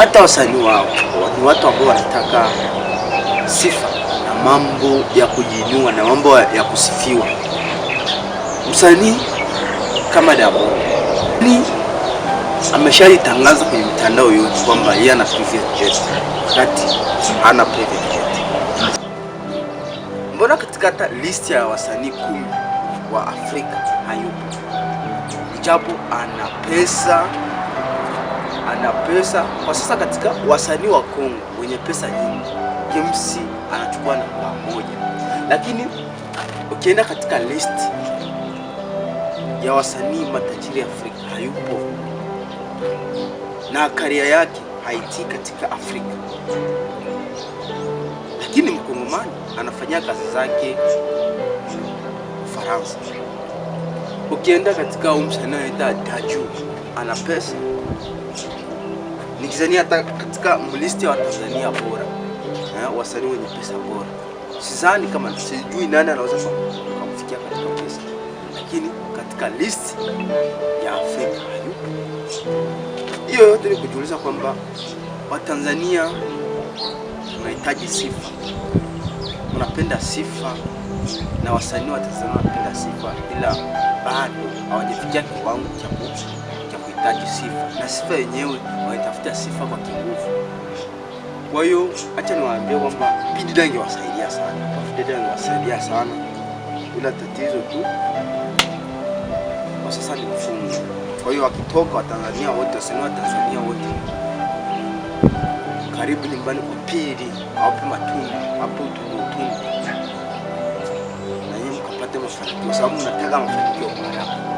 hata wasanii wao ni watu ambao wanataka sifa na mambo ya kujinua na mambo ya kusifiwa. Msanii kama Dabo ni ameshaitangaza kwenye mitandao yote kwamba yeye ana private jet, wakati ana private jet. Mbona katika hata list ya wasanii kumi wa Afrika hayupo? Japo ana pesa ana pesa kwa sasa. Katika wasanii wa Kongo wenye pesa nyingi, James anachukua namba moja, lakini ukienda katika listi ya wasanii matajiri Afrika hayupo, na karia yake haitii katika Afrika, lakini mkongomani anafanyia kazi zake Ufaransa. Ukienda katika umsanii anaitwa Daju ana pesa nikizania hata katika mlisti ya Watanzania bora eh, wasanii wenye pesa bora, sidhani kama sijui nani anaweza kumfikia katika pesa, lakini katika list ya Afrika hiyo yote ni kujiuliza kwamba Watanzania tunahitaji sifa, tunapenda sifa na wasanii wa Tanzania wanapenda sifa, ila bado hawajafikia kiwango cha wanahitaji sifa, na sifa yenyewe wanaitafuta sifa kwa kinguvu. Kwa hiyo acha niwaambie kwamba Bidi Dangi wasaidia sana, Dangi wasaidia sana, ila tatizo tu kwa sasa ni mfungo. Kwa hiyo wakitoka Watanzania wote wasema Watanzania wote karibu nyumbani kwa pili, hapo matunda hapo tundu na yeye mkapate mafanikio, sababu nataka mafanikio kwa haraka.